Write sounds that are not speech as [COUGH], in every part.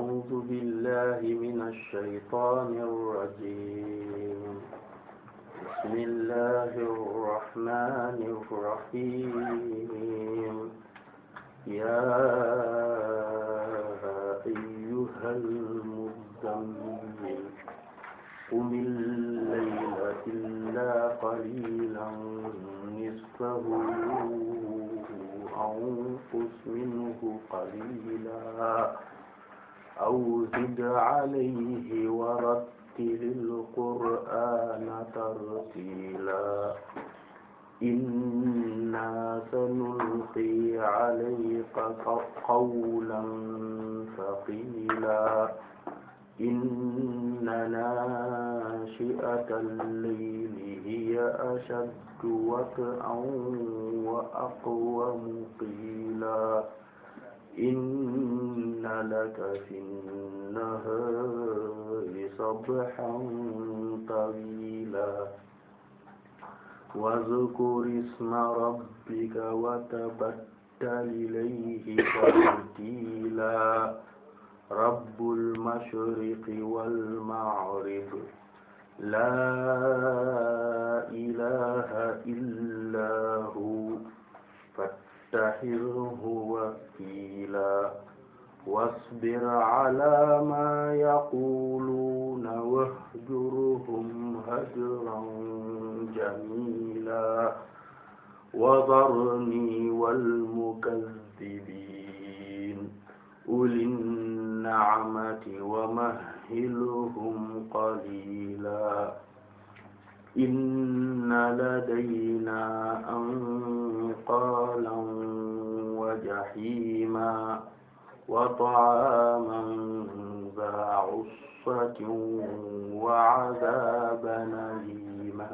أعوذ بالله من الشيطان الرجيم بسم الله الرحمن الرحيم يا أيها المزمل قم الليل إلا قليلا نصفه أو انقص منه قليلا أو زد عليه ورتل القرآن ترتيلا إنا سنلقي عليك قولا ثقيلا إن ناشئة الليل هي أشد وطئا وأقوم قيلا inna laka fi nnahaari sabhan tawiila wazkur isma rabbika watabattal ilayhi tabtiila rabbul mashriqi wal maghrib laa ilaaha illaa hu tattakhidhuhu wakiila wasbir calaa maa yaquuluuna wahjurhum hajran jamiila wadharnii wal mukazzibiina ulin nicmati wamahhilhum qaliila inna ladayna anqalan wa jahima wa ta'aman za usratin wa azaban alima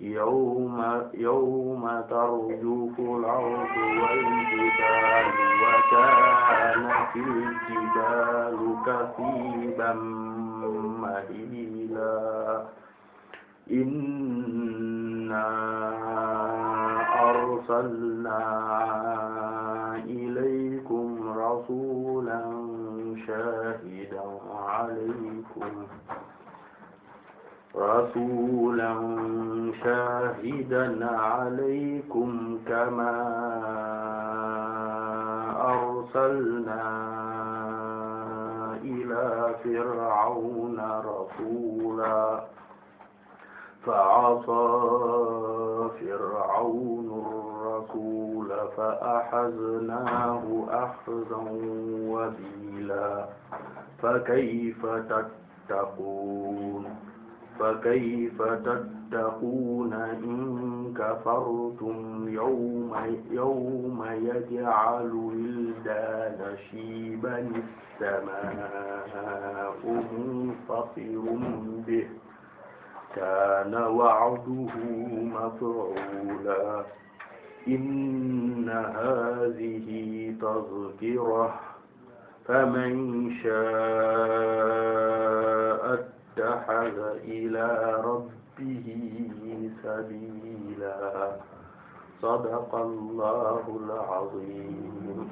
yawma yawma tarjufu al-ardu wal-jibalu wa kaanatil jibalu kasiiban mahiila inna arsalnaa ilaykum rasulan shahidan alaykum رسولا شاهدا عليكم كما أرسلنا إلى فرعون رسولا فعصى فرعون الرسول فأخذناه أخذا وبيلا فكيف تتقون فكيف تتقون إن كفرتم يوم يوم يجعل الولدان شيبا السماء منفطر به kaana wa'duhu maf'uula inna haadhihi tadhkira faman shaa'a ittakhadha ilaa rabbihi sabiila sadaqa Allaahul aziim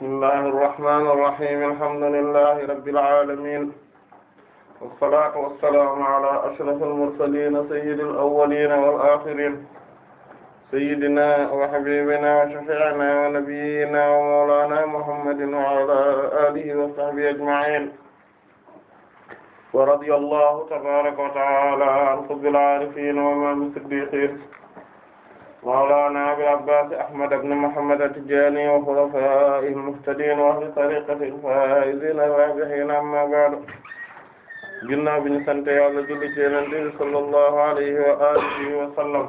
bismillahi irrahmani irrahim alhamdulillahi rabbil alamin wassalatu wassalaamu ala ashraf almursalina sayyidi alawalina wal axirin sayyidina wa habibina wa shafi'ina wa nabiyyina wa mawlana muhammadin wa ala alihi wa sahbihi ajma'in wa radiyallahu tabaraka wa ta'ala an qutbil aarifin wa imam as-siddiqin mawlaana abil abbaas ahmad ibn muhammad at-tijaani wa xulafaa'ihi al-muhtadiin wa ahli tariiqatihi al-faa'iziina ar-raabihiin amma ba'du ginnaaw bi ñu sant Yàlla julli ci Yonent bi sallallahu alayhi wa aalihi wa sallam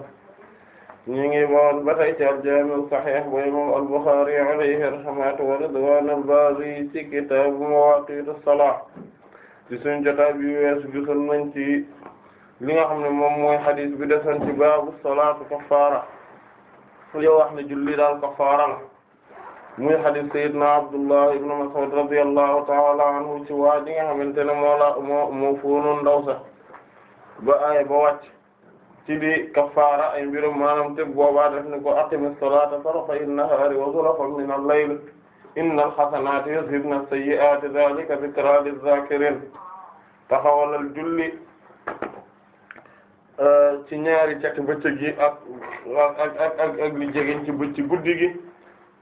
ñu ngi woon ba tey ci al-jaami' as-sahiih bu imaam al-Buxaari alayhi rahmatu wa ridwaanu al-baari ci kitaabu mawaaqiit as-salaat ci suñu jotaay bi wees gisoon nañ ci li nga xam ne moom mooy hadiis bi desoon ci baabu salaatu kaffaara yoo wax ne julli daal kafaara la muy hadith sayyidina Abdullah ibn Mas'ud radiyallahu ta'ala anhu ci waa ji nga xamante ne moo la moo moo fóonoon ndaw sax ba ay ba wàcc ci di kafaara ay mbirum maanaam te boobaa def ni ko aqimi salata tarafay an-nahari wa zulafan min al-layl inna al-hasanati yuzhibna as-sayyi'ati dhalika dhikra liz-zakirin taxawalal julli Euh, ci ñaari cati bëccëg yi ak ak ak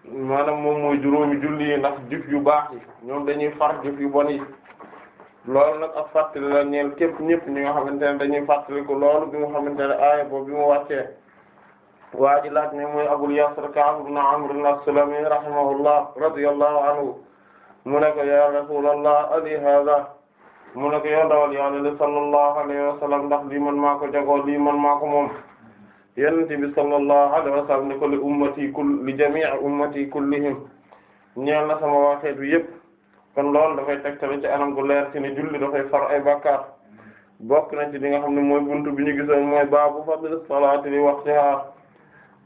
maanaam moom mooy juróomi julli yi ndax jëf yu baax ñoom dañuy far jëf yu bon nag ak fàttali la ñeel képp ñëpp ñi nga xamante ne dañuy fàttali ko loolu bi nga xamante ne aaya bi mu wàccee waa ji laaj ne mooy Abul Yasr Ka'b ibn Amr as-Sulami rahimahullah radiyallahu anhu mu ne ko ya Rasulallah ali hada mu ne ko yow ndawal yàlla li sallallahu alayhi wa ndax lii man maa ko jagoo lii man maa ko moom yonent bi sallallahu alayhi wa sallam ni ko li ummati kull li jamii ummati kullihim ñeel sama waa xeetu yëpp kon loolu dafay tegtale ci anam gu leer ci ne julli dafay far ay bàkkaar bokk na ci li nga xam ne mooy buntu bi ñu gisoon mooy baabu fadl salaati li waqtiha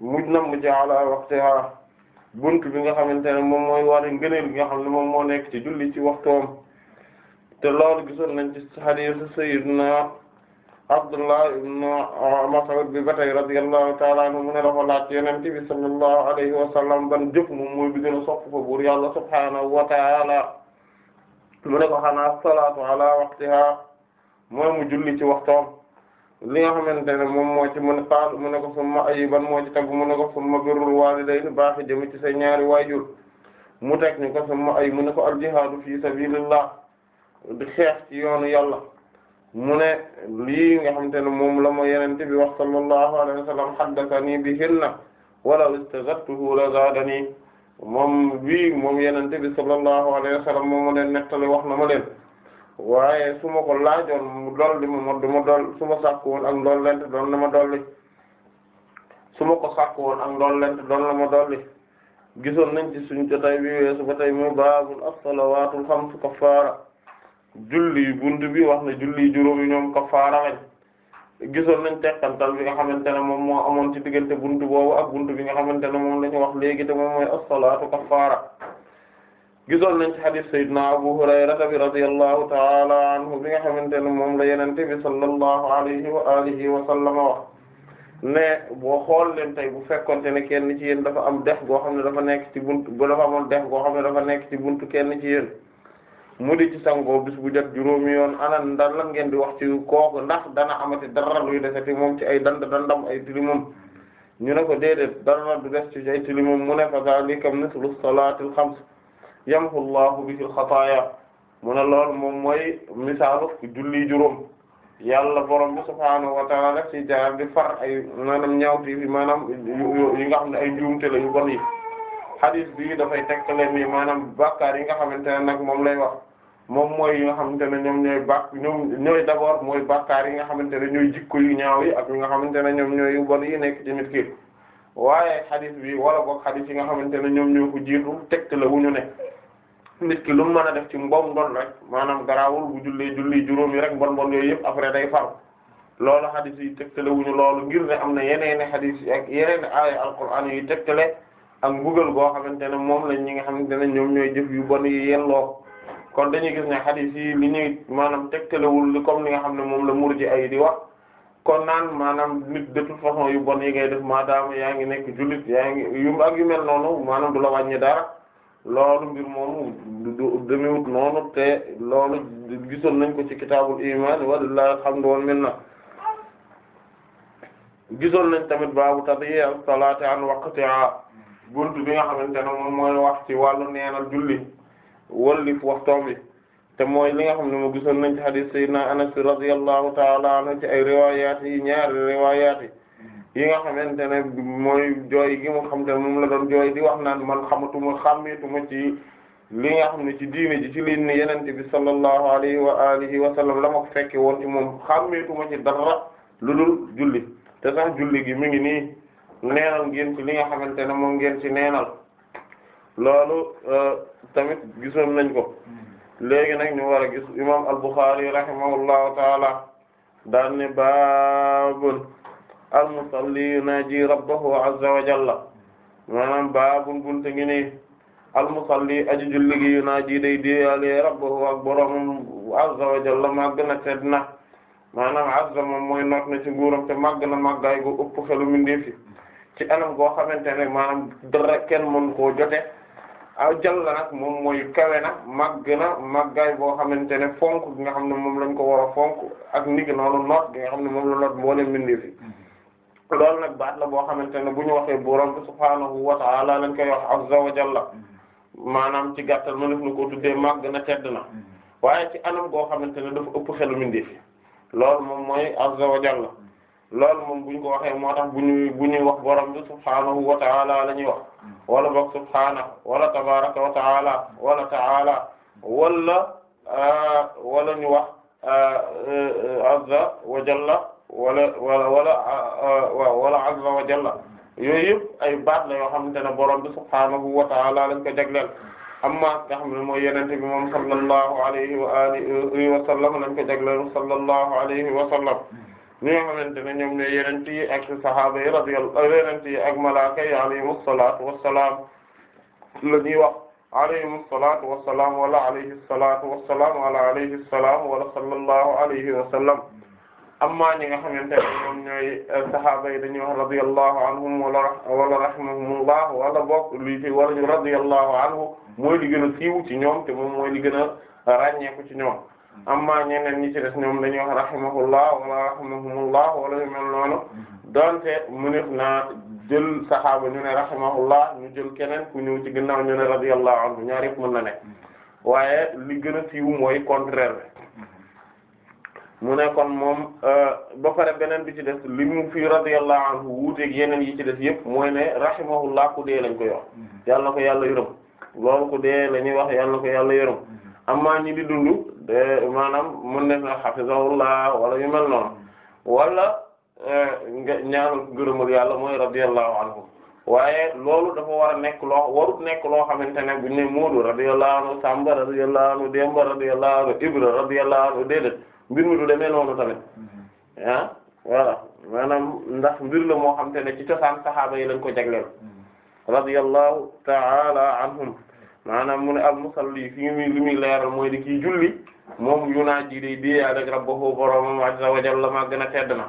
muj na mu ala waqtiha buntu bi nga xamante ne moom mooy wari ngëneel bi nga xam ne moom moo nekk ci julli ci waxtoom te loolu gisoon nañ ci hadiisu sayyidina Abdullah ibn Mas'ud bi ba tey radiyallahu ta'ala anhu mu ne dafa laaj Yonent bi sallallahu alayhi wa ban jëf moom mooy bi gën a sopp fa buur yàlla subhaanahu wa ta'ala mu ne ko xanaa salaatu ala waqtiha mooy mu julli ci waxtoom li nga xamante ne moom moo ci mu ne mu ne ko summa ayiban moo ci teg mu ko summa birrul waalidayni baax ci say ñaari waajur mu teg ñu ko summa ay ko al fi sabilillah di xeex ci yoon yàlla mu ne lii nga xamante ne moom la ma yenente bi wax sallallahu alayhi wa sallam haddathani bihinna walaw istazadtuhu la zaadani moom bii moom yenente bi sallallahu alayhi wa sallam moom ma leen nettali wax na ma leen waaye su ma ko laajoon mu dolli ma ma ma dool su ma sàkk woon ak ndool lent doon na ma dolli su ma ko sàkk woon ak ndool lent doon ma dolli gisoon nañ ci suñ jotaay weesu ba tey mu baabul as-salawaatul xamsu kaffaara julli bunt bi wax na julli juróomi ñoom kafaara lañ gisoon nañ teqantal bi nga xamante ne moom moo amoon ci diggante bunt boobu ak bunt bi nga xamante ne moom la ñu wax léegi te moom mooy as-salaatu kafaara gisoon nañ ci hadith sayyidina Abu Hurayrata bi radiyallahu ta'ala anhu bi nga xamante ne moom la yenente bi sallallahu alayhi wa alihi wa sallama wax ne boo xool leen tey bu fekkonte ne kenn ci yéen dafa am dex goo xam ne dafa nekk ci buntu bu dafa amoon dex goo xam ne dafa nekk ci buntu kenn ci yéen mu di ci sangoo bis bu jot juróomi yoon ana ndar ngeen di wax ci kooku ndax dana amati dara luy desati moom ci ay dand dandam ay tilimam ñu ne ko déedéet dara du des ci ay tilimam mu ne fa zalika mislu salaatil xams yamhu Allahu bihi al-xataaya mu ne loolu moom mooy misaalu julli juróom yàlla borom bi subhaanahu wa taala def ci jaar bi ay maanaam ñaawti fi maanaam yi nga xam ne ay njuumte la yu bon yi hadis bii dafay tekkale ni maanaam bàkkaar yi nga xamante ne nag moom lay wax moom mooy yi nga xamante ne ñoom ñooy bàkk ñoom ñooy d'abord mooy bàkkaar yi nga xamante ne ñooy jikko yu ñaaw yi ak nga xamante ne ñoom ñooy yu bon yi nekk ci nit waaye xadis bi wala boog xadis yi nga xamante ne ñoom ñoo ko jiitu teg la wu ñu ne nit ki lu mu mën a def ci mboom ndoon rek maanaam garaawul bu jullee julli juróom yi rek mbon mbon yooyu yëpp après day faru loolu xadis yi tegtale wu ñu loolu ngir ne am na yeneen xadis yi ak yeneen aaya yi teg tele ak mbugal boo xamante ne moom lañ ñi nga xamante ne ñoom ñooy jëf yu bon yi yelloo kon dañuy gis ne hadith yi li ñuy maanaam tegtalewul li comme li nga xam ne moom la murji ay di wax kon naan maanaam nit de toute yu bon yi ngay def maadaama yaa ngi nekk jullit yaa ngi yu ak yu mel noonu maanaam du la wàññi dara loolu mbir moom du demewut noonu te loolu gisoon nañ ko ci kitaabul iman walillahi alhamdu wal minna gisoon nañ tamit baabu tadyi'i a salaati an waqtiha buntu bi nga xamante ne moom mooy wax ci wàllu neenal julli wallif waxtoom bi te mooy li nga xam ne moo gisoon nañ ci hadith sayyidina Anas radiyallahu ta'ala anhu ci ay xamante ne mooy jooy gi mu xam te moom la doon jooy di wax naan man xamatuma xàmmeetuma ci li nga xam ne ci diine ji ci liin ni yenente bi sallallahu alayhi wa alihi wa sallam la ma ko fekke woon ci moom xàmmeetuma ci dara lu dul julli te sax julli gi mi ngi nii neenal ngeen ci li nga xamante ne moom ngeen ci neenal loolu euh, tamit gisoon nañ ko léegi nag ñu wara a gis imam al-Bukhari rahimahullahu taala daan ne baabun al-musalli yunaaji rabbahu azza wa jalla maanaam baabun bunte ngi nii al-musalli aji julli gi yunaaji day déeyaale rabbahu ak boroomam azza wa jalla màgg na tedd na maanaam azza moom mooy noot na ci nguuram te màgg na màggaay gu ëpp xelu mindeefi ci anam goo xamante ne maanaam dara kenn mën koo jote aw jalla nag moom mooy kawe na màgg na màggaay boo xamante ne fonk gi nga xam ne moom lañ ko war a fonk ak ni ki noonu noot gi xam ne moom la noot moo leen bindee fi mm-hmm. loolu nag baat la boo xamante ne bu ñu waxee borom bi subhaanahu wa ta'ala lañ koy wax azza wa jalla mm-hmm. maanaam ci gàttal ma def na ko tuddee màgg na tedd na mm-hmm. waaye ci anam goo xamante ne dafa ëpp xelu bindee fi loolu moom mooy azza wa jalla loolu moom bu ñu ko waxee moo tax bu ñuy bu ñuy wax borom bi subhaanahu wa ta'ala la ñuy wax wala boog subhaana wala tabaraka wa ta'ala wala ta'ala wala euh, wala ñu wax euh, azza wa jalla wala wala wala euh, wala azza wa jalla yooyu yëpp ay baat la yoo xamante ne borom bi subhaanahu wa ta'ala lañ ko jagleel amma nga xam ne mooy yenente bi moom sallallahu alayhi wa alihi wa sallam lañ ko jagleel sallallahu alayhi wa sallam ñi nga xamante ne ñoom ñooy yenent yi ak sahaaba yi radiyallahu yenent yi ak malaaka yi alayhimu salaatu wassalaam la ñuy wax alayhimu salaatu wassalaam wala alayhi salaatu wassalaam wala alayhi salaam wala sallallahu alayhi wa sallam amma ñi nga xamante ne ñoom ñooy sahaaba yi dañuy wax radiyallahu anhum wala wala rahimahumullah wala bokk li ci war radiyallahu anhu mooy li gën a siiw ci ñoom te moom mooy li gën a ràññeeku ci ñoom amma ñeneen ñi ci des ñoom dañuy wax rahimahullah wala rahimahumullah wala yu mel noonu mhm. donte munif naa jël saxaaba ñu ne rahimahullah ñu jël keneen ku ñëw ci ginnaaw ñu ne radiyallahu anhu ñaar yëpp mën na ne mhm. waaye li gën a siiw mooy contraire bi mhm. mu ne kon moom euh, ba pare beneen bi ci des li mu fi radiyallahu anhu wuuteeg yeneen yi ci des yëpp mooy ne rahimahullah ku dee lañ ko yox yàlla ko yàlla yërëm loolu ku dee la ñuy wax yàlla ko yàlla yërëm amma ñi di dund de maanaam mun ne na hafizahullah wala yu mel noonu wala eh, nga ñaanal ngërëmal yàlla mooy radiyallahu anhu waaye loolu dafa war a nekk loo warut nekk loo xamante ne buñ ne Moodu radiyallahu anhu Samba radiyallahu anhu Demba radiyallahu anhu Ibra radiyallahu anhu déedéet mbir mi du demee noonu tamit mm-hmm. ah voilà maanaam ndax mbir la moo xamante ne ci cosaan saxaaba yi lañ ko jagleel mm-hmm. radiyallahu ta'ala anhum maanaam mu ne al musalli fi mu li muy leeral mooy di kii julli moom yunaaji day déeyaa rek rabbahu boroomam azza wa jalla maa gën a tedd na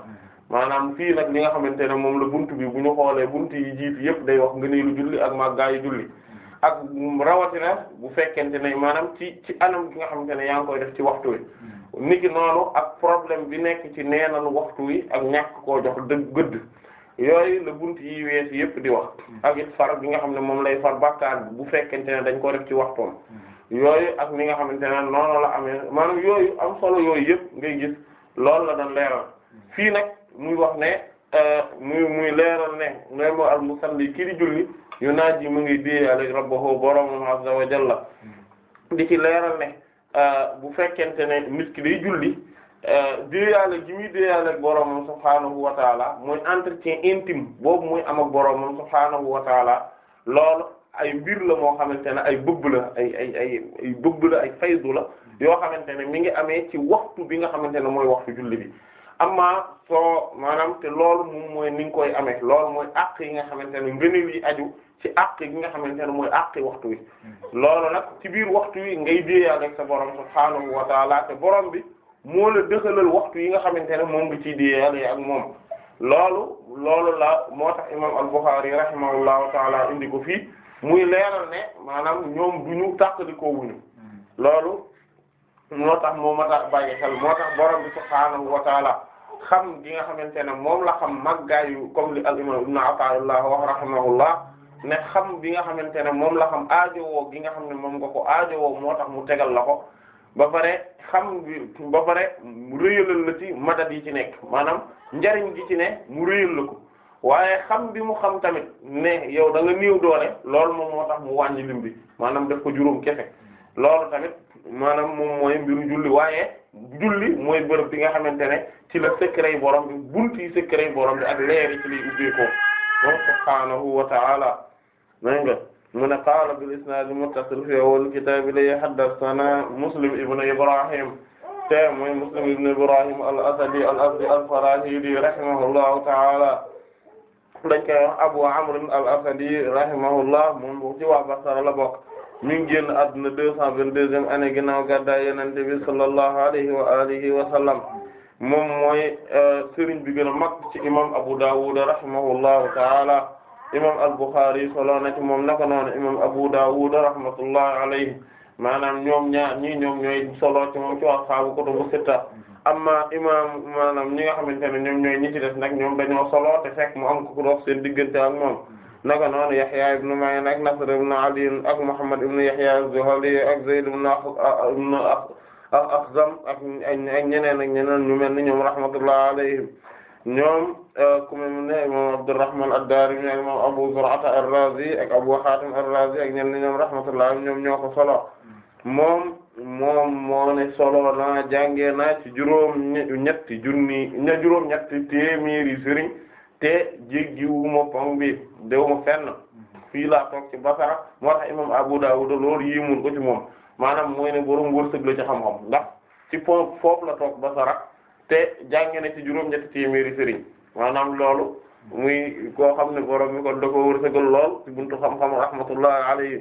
maanaam fii nag li nga xamante ne moom la bunt bi bu ñu xoolee bunt yi jiitu yëpp day wax ngëneelu julli ak yi julli ak rawatina bu fekkente ne maanaam ci ci anam gi nga xamante ne yaa ngi koy def ci waxtu wi niki noonu ak problème bi nekk ci neenalu waxtu wi ak ñàkk koo jox dëgg gëdd yooyu la bunt yi weesu yëpp di wax mm. ak far bi nga xam ne moom lay far bàkkaar bu fekkente ne dañ ko def ci waxtoom mm. yooyu ak ni nga xamante ne noonu la amee maanaam yooyu am solo yooyu yëpp ngay gis loolu la doon leeral mm. fii nag muy wax ne euh, muy muy leeral ne ne moo al musalli kii di julli yu naaj yi mu ngi déeyaale rabbahu boroomam azza wa jalla di ci leeral ne euh, bu fekkente ne nit ki day julli Eh, déeyaale gi muy déeyaale ak boroomam subhaanahu wa taala mooy entretien intime boobu muy am ak boroomam subhaanahu wa taala loolu ay mbir la moo xamante ne ay bëbb la ay ay ay ay la ay faydu la yoo xamante ne mi ngi amee ci waxtu bi nga xamante ne mooy waxtu julli bi amma soo maanaam te loolu moom mooy ni koy amee loolu mooy àq yi nga xamante ne ngëneel yi aju ci àq yi nga xamante ne mooy àq waxtu wi hmm. loolu nag ci biir waxtu wi ngay déeyaale ak sa boroom subhaanahu wa taala te boroom bi moo la dëxalal waxtu yi nga xamante ne moom nga ciy diyaale ak moom loolu loolu la moo tax imam al-Bukhari rahimahullahu taala indi ko fii muy leeral ne maanaam ñoom du ñu tàqalikoo wuñu loolu moo tax moo ma tax bàyyi xel moo tax borom bi subhaanahu wa xam gi nga xamante ne moom la xam màggaayu comme li al imam ibn Ata'illah wa rahimahullah ne xam bi nga xamante ne moom la xam aajowoo gi nga xam ne moom nga ko aajowoo moo tax mu tegal la ko ba pare xam ba pare mu na la ci madad yi ci nekk maanaam njariñ gi ci ne mu rëyal la ko waaye xam bi mu xam tamit ne yow da nga néew doole loolu moom moo tax mu wàññi lim bi maanaam def ko juróom kefe loolu tamit maanaam moom mooy mbiru julli waaye julli mooy bërëb bi nga xamante ne ci la secret borom bi bunt yi secret borom bi ak leer yi ci lay ubbeekoo subhaanahu wa ta'ala mu ne qaala bil isnaadi muttasil fi awwal kitaab li haddathana muslim ibn ibrahim te mooy muslim ibn ibrahim al asadi al abdi al farahidi rahimahullahu taala dañ koy wax abu amr al asadi rahimahullah moom bu ci waa Basra la bokk mi ngi génn àdduna deux cent vingt-deuxième année ginnaaw gàddaay Yonent bi sallallahu alayhi wa alihi wa sallam moom mooy euh, sëriñ bi gën a mag ci imam Abu Dawud rahimahullahu taala imam al-Bukhari solo na ci moom naka noonu imam Abu Dawud rahmatullahi alayhi maanaam ñoom ñaar ñi ñoom ñooy solo ci moom ci ashaabu kutubu sitta amma imam maanaam ñi nga xamante ne ñoom ñooy ñi ci def nag ñoom dañoo solo te fekk mu am ku dox seen diggante ak moom naka noonu Yahya ibn Ma'in ak Nasr ibn Ali ak Muhammad ibn Yahya az-Zuhali ak Zayd ibn al-Akhzam ak ak ñeneen ak ñeneen ñu mel ni ñoom rahmatullahi alayhim ñoom ku mel ne imam Abdurrahman ad-Daarimi ak imam Abu Zur'ata ar-Raazi Abu Haatim ar-Raazi ak ñenn ñoom rahmatullah ñoom ñoo ko solo moom moom moo ne solo naa jàngee naa ci juróom ñetti junni ña te jéggiwuma pong bi dewuma fenn fii laa toog ci Basra moo tax imam Abu Dawud loolu yéemul ko ci moom maanaam mooy ne borom wërsëg la ci xam-xam ndax ci po foofu la toog Basra te jàngee na ci juróom ñetti téeméeri sëriñ maanaam loolu muy koo xam ne borom mi kon da ko wërsëgal lool ci buntu xam-xam rahmatullahi alayhi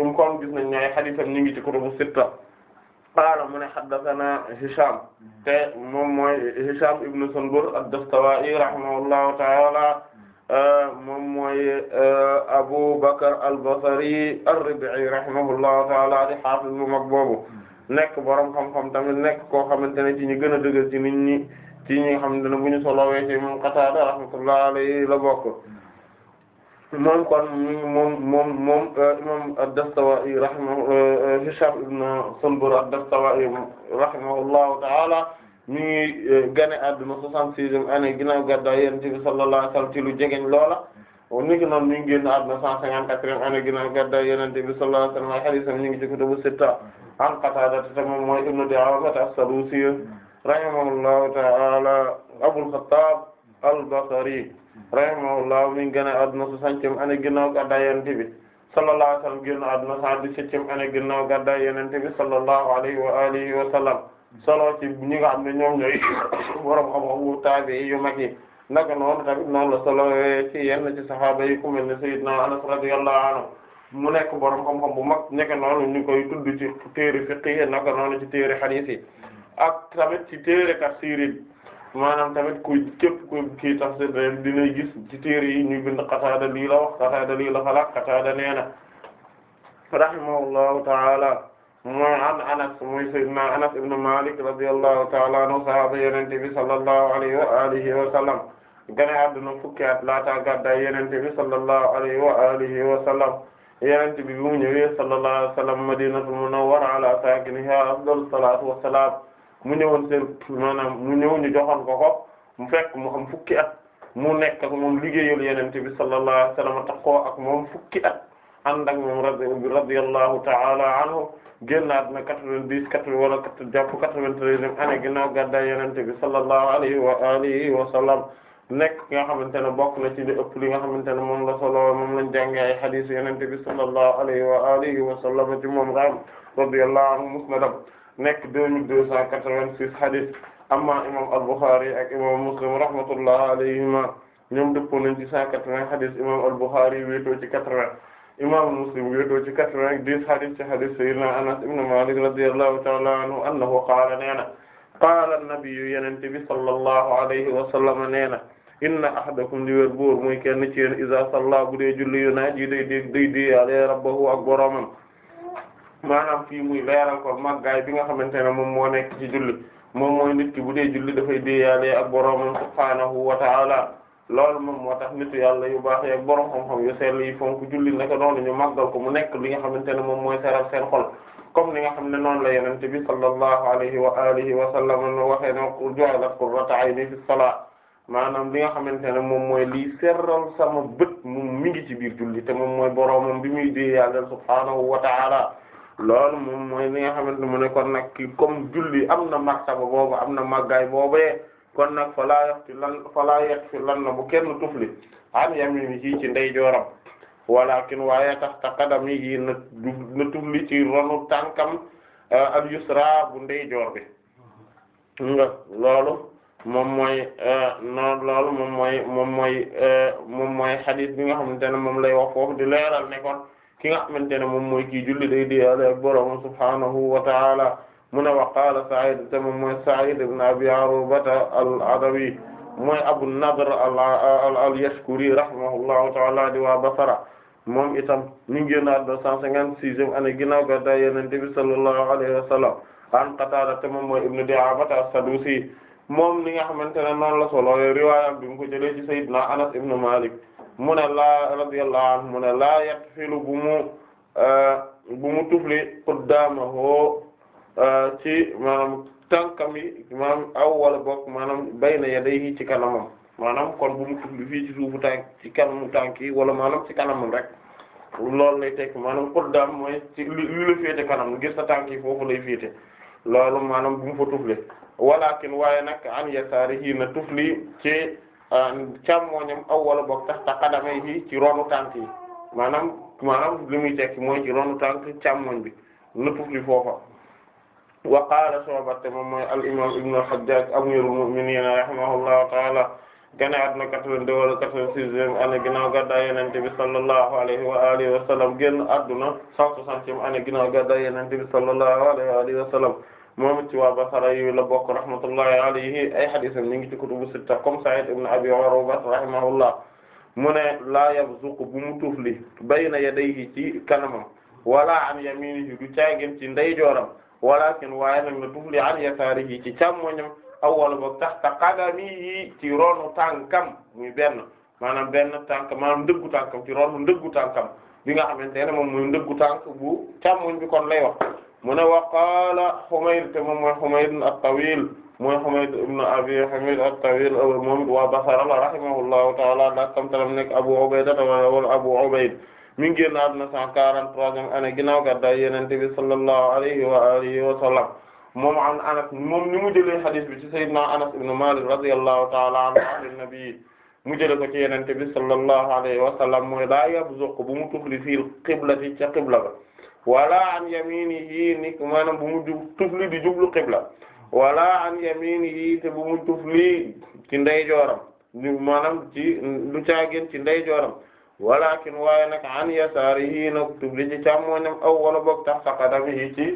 um kon gis nañ ne ay xadiisam ñu ngi ci kutubu sitta qaala mu ne haddathana Hisham te moom mooy Hisham ibn Sunbur ad-Dastuwa'i rahimahullahu ta'ala moom mooy eh, Abu Bakr al-Basri ar-Rib'i rahimahullahu ta'ala di xaafis bu mag boobu nekk borom xam-xam tamit nekk koo xamante ne ci ñi gën a dëgër ci nit ñi ci ñi nga xamante ne bu ñu solowee ci Qataada rahmatullahi alayhi la bokk moom kon moom moom moom euh, imam ad-Dastawa'i rahimahu euh, Hisham ibn Sunbur ad-Dastawa'i rahimahullahu ta'ala mi ngi euh, gane àdduna soixante-sixième année ginnaaw gàddaay Yonent bi sallallahu alayhi wa sallam ci lu jegeñ loola ni ki noonu mi ngi génn àdduna cent cinquante-quatrième année ginnaaw gàddaay Yonent bi sallallahu alayhi wa sallam ay hadiisam ñu ngi ci kutubu sitta an Qataada te moom mooy ibn Di'aamata as-Saduusi rahimahullahu ta'ala Abul Khattab al-Basri rahimahullah mi ngi génn àdduna soixantième année ginnaaw gàddaay Yonent bi sallallahu alayhi wa sallam génn àdduna cent dix-septième année ginnaaw gàddaay Yonent bi sallallahu alayhi wa alihi wa sallam solo ci ñi nga xam ne ñoom ñooy [COUGHS] borom xam-xamu taabi'i yu mag yi naka noonu tamit noonu la solo ci yenn ci sahaaba yi ku mel ne Sayyidina Anas radiyallahu anhu mu nekk borom xam-xam bu mag nekk noonu ñu koy tudd ci téere fiqh naka noonu ci téere hadith yi ak tamit ci téere tafsirin maanaam tamit ku képp ku kii tafsir dañ dina gis ci téere yi ñu bind Qataada lii la wax Qataada lii la xalaat Qataada nee na rahimahullahu ta'ala mooy an Anas mooy sayyidina Anas ibn Malik radiyallahu ta'ala anhu sahaaba Yonent bi sallallahu alayhi wa alihi wa sallam gane adduna fukki at laata gàddaay Yonent bi sallallahu alayhi wa alihi wa sallam Yonent bi bi mu ñëwee sallallahu alayhi wa sallam Madinatul Munawwara ala saakiniha afdalu salaatu wa salaam mu ñëwoon seen maanaam mu ñëw ñu joxoon ko ko mu fekk mu am fukki at mu nekk ak moom liggéeyal yonent bi sallallahu alayhi wa sallam tax ak moom fukki at ànd ak moom radiyallahu ta'ala anhu génnaat na 90 80 wala jàpp 93e année ginnaaw gàddaay yonent bi sallallahu alayhi wa alihi wa sallam nekk nga xamante ne bokk na ci li ëpp li nga xamante ne moom la solo moom lañ jàngee ay hadith yonent bi sallallahu alayhi wa alihi wa sallam ci moom raam radiyallahu anhu musnadam nekk deux mille deux cent quatre-vingt-six hadith amma imam al-Bukhari ak imam Muslim rahmatullah alayhima ñoom dëppoo nañ ci cent quatre-vingts hadith imam al-Bukhari wéetoo ci quatre-vingts imam Muslim wéetoo ci quatre-vingt-dix hadith ci hadith sayyidina Anas ibn Malik radiyallahu ta'ala anhu annahu qaala nee na qaala an-nabiyyu yenente bi sallallahu alayhi wa nee na inna ahadakum li wér buur muy kenn ci yéen iza salla bu dee julli yu naa ji day dég day déeyaale rabbahu ak boroomam maanaam fii muy leeral ko màggaay bi nga xamante ne moom moo nekk ci julli moom mooy nit ki bu dee julli dafay déeyaale ak boroomam subhaanahu wa ta'ala loolu moom moo tax nitu yàlla yu baax ak borom xam-xam yu sell yi fonk julli naka noonu ñu màggal ko mu nekk li nga xamante ne moom mooy seral seen xol comme ni nga xam ne noonu la yenente bi sallallahu alayhi wa alihi wa sallam waxee na ju'ilat qurratu ayni fi salaat maanaam li nga xamante ne moom mooy lii seral sama bët moom mi ngi ci biir julli te moom mooy boroomam bi muy déeyaale subhaanahu wa ta'ala loolu moom mooy li nga xamante ni mu ne kon nag ki comme julli am na martaba boobu am na màggaay boobee kon nag falaa yaxti lan falaa yaxti lan na bu kenn tufli an yamini ci ci ndeyjooram walakin waaye tax taqadam yi na na tufli ci ronu tànkam euh, al yusra bu ndeyjoor bi loolu moom mooy euh, non loolu moom mooy moom mooy euh, moom mooy xadis bi nga xamante ne moom lay wax foofu di leeral ne ki nga xamante ne moom mooy kii julli day diyaale ak borom subhaanahu wa ta'ala mu ne wa qaala Sa'id te moom mooy Sa'id ibn Abi Arubata al-Adawi mooy Abu Nadr al-Yashkuri rahimahullahu ta'ala di waa Basra moom itam ñu ngi génn àdduna 156e année ginnaaw gàddaay Yonent bi sallallahu alayhi wa an Qatada te moom mooy ibn Di'aabata as-Sadusi moom li nga xamante ne noonu la solo riwaayam bi mu ko jëlee ci Sayyidina Anas ibn Malik mu ne laa radiyallahu anhu mu ne laa yatfilu bu mu euh, bu mu tufli quddaamahu euh, ci maanaam tànkam yi maanaam aw wala bokk maanaam bayna yadayhi ci kanamam maanaam kon bu mu tufli fii ci suufu tànk ci kanamu tànk yi wala maanaam ci kanamam rek loolu lay tekk maanaam quddaam mooy ci li la féete kanam gis sa tànk yi foofu lay féete loolu maanaam bu mu fa tufli walakin waaye nag an yasaarihi na tufli ci Euh, càmmooñam aw wala boog tax ta qadamayhi ci ronu tànk yi maanaam li muy tekki mooy ci ronu tànk càmmooñ bi lu tufli foofa wa qaala Shu'ba moom mooy al imam ibn al-Hajjaj amirul mu'minin rahimahullahu ta'ala gane àdduna 82 wala 86e année ginnaaw gàddaay Yonent bi sallallahu alayhi wa àdduna 160e année ginnaaw gàddaay Yonent bi sallallahu alayhi wa sallam moom it ci waa Basra yooyu la bokk rahmatullahi alayhi ay xadisam ñu ngi ci kutubu sitta comme Sa'id ibn Abi Urwa rahimahullah mu ne laa yabzuq bu mu tuufli bayna yadayhi ci kanamam wala an yaminihi du caagin ci ndeyjooram walakin waaye nag na tuufli an yasaarihi ci càmmoñam awwal ba taxta qadamihi ci ronu tànkam muy benn maanaam benn tànk maanaam ndëggu tànkam ci ronu ndëggu tànkam bi nga xamante ne moom muy ndëggu tànk bu càmmoñ bi kon lay wax mu ne wa qaala Humayd te moom mooy Humayd at-Tawil mooy Humayd ibn Abi Humayd at-Tawil moom waa Basra la rahimahullahu ta'ala ndax tam tam nekk Abu Ubayda wala Abu Ubayd mi ngi génn àdduna 143 année ginnaaw gàddaay Yonent bi sallallahu alayhi wa alihi wa sallam moom an Anas moom ni mu jëlee hadith bi ci Sayyidina Anas ibn Malik radiyallahu ta'ala anhu an nabi mu jëlee ko ci Yonent bi sallallahu alayhi wa sallam mooy la yabzuq bu mu tufli fil qiblati ca qibla ba wala an yaminihi ni maanaam bu mu tufli di jublu qibla wala an yaminihi te bu mu tufli ci ndeyjooram maanaam ci lu caagin ci wala walakin waaye nag an yasaarihi nag tufli ci càmmooñam aw wala boog tax saqadamihi ci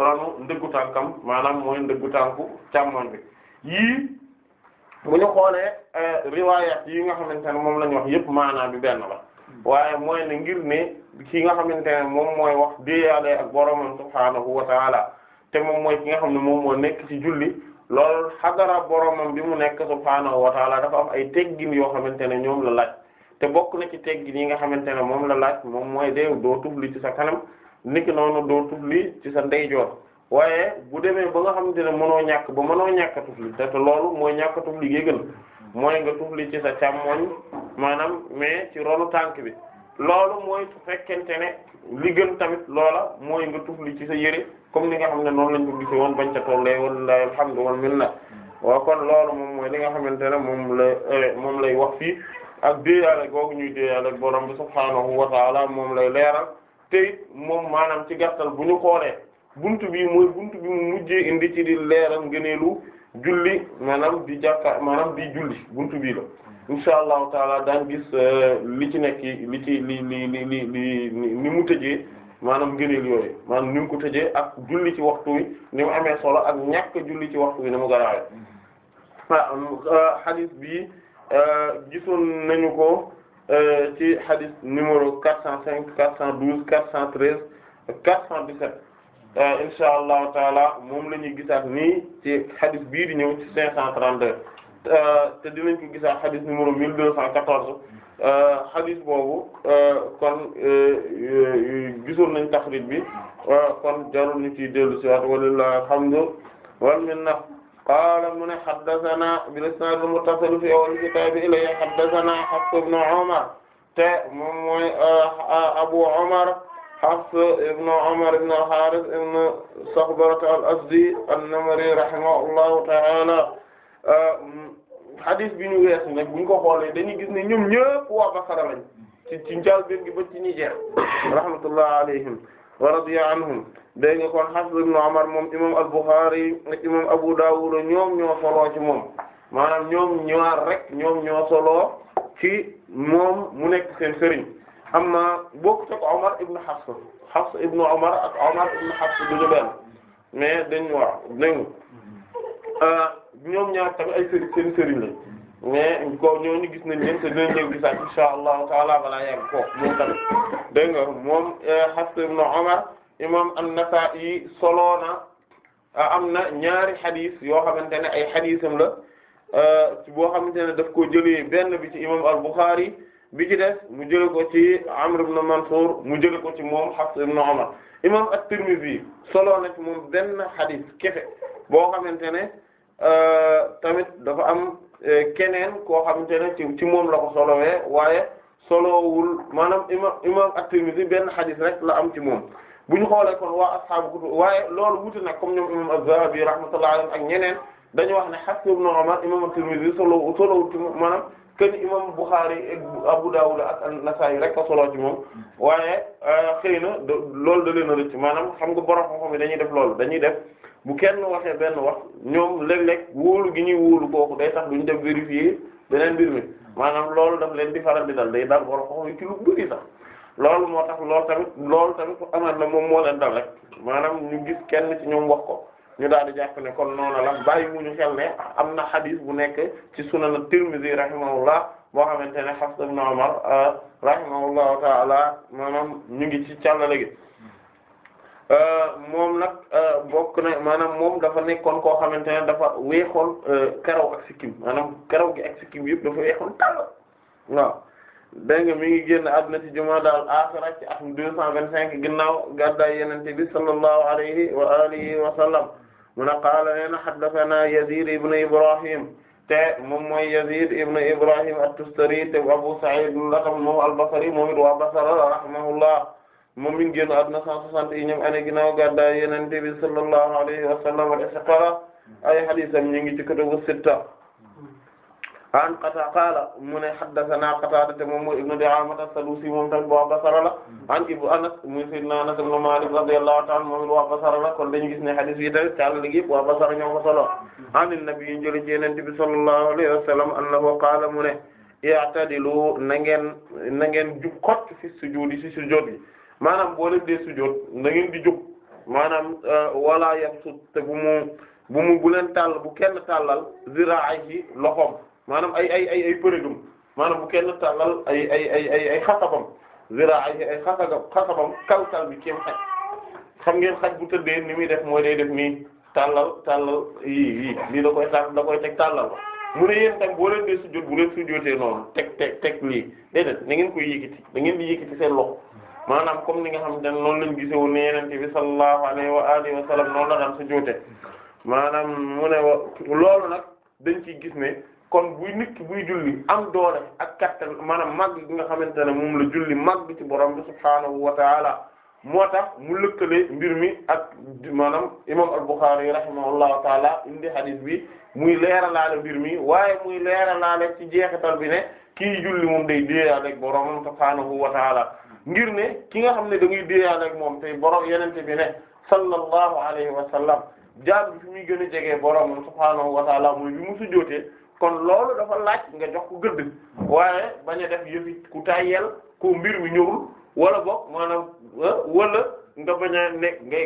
ronu ndëggu tànkam maanaam mooy ndëggu tànku càmmooñ bi yii bu ñu xoolee eh, riwayat yi nga xamante ne moom la ñu wax yëpp maanaam bi benn la hmm. waaye mooy ne ngir ne ki nga xamante ne moom mooy wax déeyaale ak boromam subhaanahu wa taala te moom mooy ki nga xam ne moom moo nekk ci julli loolu xadara boromam bi mu nekk subhaanahu wa taala dafa am ay teggin yoo xamante ne ñoom la laaj te bokk na ci teggin yi nga xamante ne moom la laaj moom mooy de doo tufli ci sa kanam niki noonu doo tufli ci sa ndeyjoor waaye bu demee ba nga xamante ne mënoo ñàkk ba mënoo ñàkk a tufli te loolu mooy ñàkk a tufli gi gën mooy nga tufli ci sa càmmoñ maanaam mais ci ronu tànk bi. loolu mooy su fekkente ne li gën tamit loola mooy nga tufli ci sa yëre comme ni nga xam ne noonu lañ ko gisee woon bañ ca tollee wallahi alhamdu wal minna waaw kon loolu moom mooy li nga xamante ne moom la eh, moom lay wax fii ak déeyaale googu ñuy déeyaale borom bi subhaanahu wa taala moom lay leeral te moom maanaam ci gàttal bu ñu xoolee bunt bi mooy bunt bi mu mujjee indi ci di leeral ngëneelu julli maanaam di jàkka maanaam di julli bunt bii la insha allahu taala daan gis euh, li ci nekk li ci li li li li li ni mu tëjee maanaam ngëneel yooyu maanaam ni mu ko tëjee ak julli ci waxtu wi ni mu amee solo ak ñàkk julli ci waxtu wi ni mu garaawee euh, hadith bi euh, gisoon nañu ko ci hadith numéro 405 412 413 417 insha allahu taala moom la ñuy gisaat ni ci hadith bii di ñëw ci 532 Euh, te dinañ ko gisaa xadis numéro mille deux cent quatorze euh, xadis boobu euh, kon gisoon nañ taxrij bi kon jarul ñu ciy dellu si waat walillahi alhamdu wal minna qaala mu ne haddasanaa bil isnaad al muttasil fi awwal kitaab ilayhi haddasanaa Hafs ibn Umar te moom mooy Abu Umar Hafs ibn Umar ibn al-Haaris ibn Saxbara al-Azdi an-Namari rahimahullahu ta'aala Euh, hadith bi ñu weesu nag bu ko xoolee dañu gis ne ñoom ñëpp waa Basra lañ ci ci njàlbéen gi ba ci Niger rahmatullah alayhim wa radiya anhum dégg nga kon Hafs ibn Umar moom imam al-Bukhari ak imam Abu Dawud ñoom ñoo soloo ci moom maanaam ñoom ñaar rek ñoom ñoo soloo ci moom mu nekk seen sëriñ amma bokk ak Umar ibn Hafs ibn Umar ak Umar ibn Hafs duñu benn mais dañ waa dégg ñoom ñaar tamit ay sëriñ seen sëriñ lañ mais ko ñooñu gis nañ leen te dinañ ñëw gisaat insha allahu taala balaa yàgg ko moom tamit dégg nga moom eh, Hafs ibn Umar imam an-Nasa'i solo na eh, am na ñaari xadis yoo xamante ne ay xadisam la eh, boo xamante ne daf koo jëlee benn bi ci imam al-Bukhari bi ci des mu jële ko ci Amr ibn Mansur mu jële ko ci moom Hafs ibn Umar imam at-Tirmidhi solo na ci moom benn xadis kefe boo xamante ne Euh, tamit dafa am euh, keneen koo xamante ne ci ci moom la ko solowee waaye solowul maanaam imam imam at-Tirmidhi benn xadis rek la am ci moom bu ñu xoolee kon waa ashaabu kutub waaye loolu wuti nag comme ñoom imam az-Zahabi rahmatullahi alayhi ak ñeneen dañu wax ne Hafs ibn Umar imam at-Tirmidhi solo solowul ci maanaam kenn imam Bukhari ak Abu Dawud ak an-Nasa'i rek a solo ci moom waaye euh, xëy na loolu da leen a rëcc maanaam xam nga boro xam-xam yi dañuy def loolu dañuy def bu kenn waxee benn wax ñoom léeg-léeg wóolu gi ñuy wóolu kooku day tax duñ dem vérifier beneen mbir mi maanaam loolu daf leen di faral di dal day dal borom xam ci lu bëri sax loolu moo tax loolu tamit loolu tamit fu amaat la moom moo leen dal rek maanaam ñu gis kenn ci ñoom wax ko ñu daal di jàpp ne kon noonu la bàyyiwuñu xel ne am na xadis bu nekk ci suna sunan Tirmidhi rahimahullah boo xamante ne Hafs ibn Umar rahimahullahu ta'ala maanaam ñu ngi ci càllale gi Euh, moom nag euh, bokk na maanaam moom dafa nekkoon koo xamante ne dafa weexoon euh, karaw ak sikkim maanaam karaw gi ak sikkim yëpp dafa weexoon tàll waaw dégg nga mi ngi génn àdduna ci jumaada al axira ci atum deux cent vingt cinq ginnaaw gàddaay yenente bi sallallahu alayhi wa alihi wa sallam mu ne qaala nee na haddathana yazid ibn ibrahim te moom mooy yazid ibn ibrahim at-tustari te abu sa'id latam moom al-basri moom it waa basara rahimahullah moom mi ngi génn àdduna 161 année ginnaaw gàddaay Yonent bi sallallahu alayhi wa sallam ay hadiisam ñu ngi ci kutubu sitta an qata qaala mu ne haddathana Qataada moom mooy ibnu Di'aamata as-Saduusi moom tamit waa Basra la an Ibnu Anas muy sayyidina Anas ibn Maalik radiyallahu ta'ala moom waa la kon dañu gis ne hadiis yi tamit caalale gi yëpp waa Basra ñoo ko solo an an-Nabi jële ci Yonent bi sallallahu alayhi wa sallam annahu qaala mu ne i'tadilu na ngeen na ngeen jub kot maanaam boo leen dee sujjóot na ngeen di jóg maanaam euh, wala yabsut te bu mu bu mu bu leen tàll bu kenn tàllal ay ci loxoom maanaam ay ay ay përëgum maanaam bu kenn tàllal ay ay ay ay ay xasabam ziraay ci ay xasagam xasabam kawtal bi kéem xaj xam ngeen xaj bu tëddee ni muy def mooy day def nii tàllal tàllal yii yii lii da koy tàll da koy teg tàllal ba mu ne yéen tam boo leen dee sujjóot bu leen sujjóotee noonu teg teg teg lii déedéet na ngeen koy yëkkati na ngeen di yëkkati seen loxo maanaam comme ni nga xam ne noonu lañ gise woon ne yenente bi sallallahu alayhi wa alihi wa sallam noonu la daan sujjóote maanaam mu loolu nag dañ ciy gis ne kon buy nit buy julli am doole ak kattan maanaam mag gi nga xamante ne moom la julli màgg ci borom bi subhaanahu wa taala moo tax mu lëkkale mbir mi ak maanaam imam al-Bukhari rahimahullahu taala indi hadith bi muy leeralaale mbir mi waaye muy leeralaale ci jeexital bi ne kii julli moom dey déeyaaleeg boromam subhaanahu wa taala ngir ne ki nga xam ne da ngay déeyaan moom tey borom yenente bi ne sallallahu alayhi wa sallam jaam bi fi muy gën a jegee borom subhaanahu wa taala mooy bi mu sujjóotee kon loolu dafa laaj nga jox ko gëdd waaye bañ a def yëfi ku tayel ko mbir mi ñëwul wala boog maanaam euh, wala nga bañ a nekk nga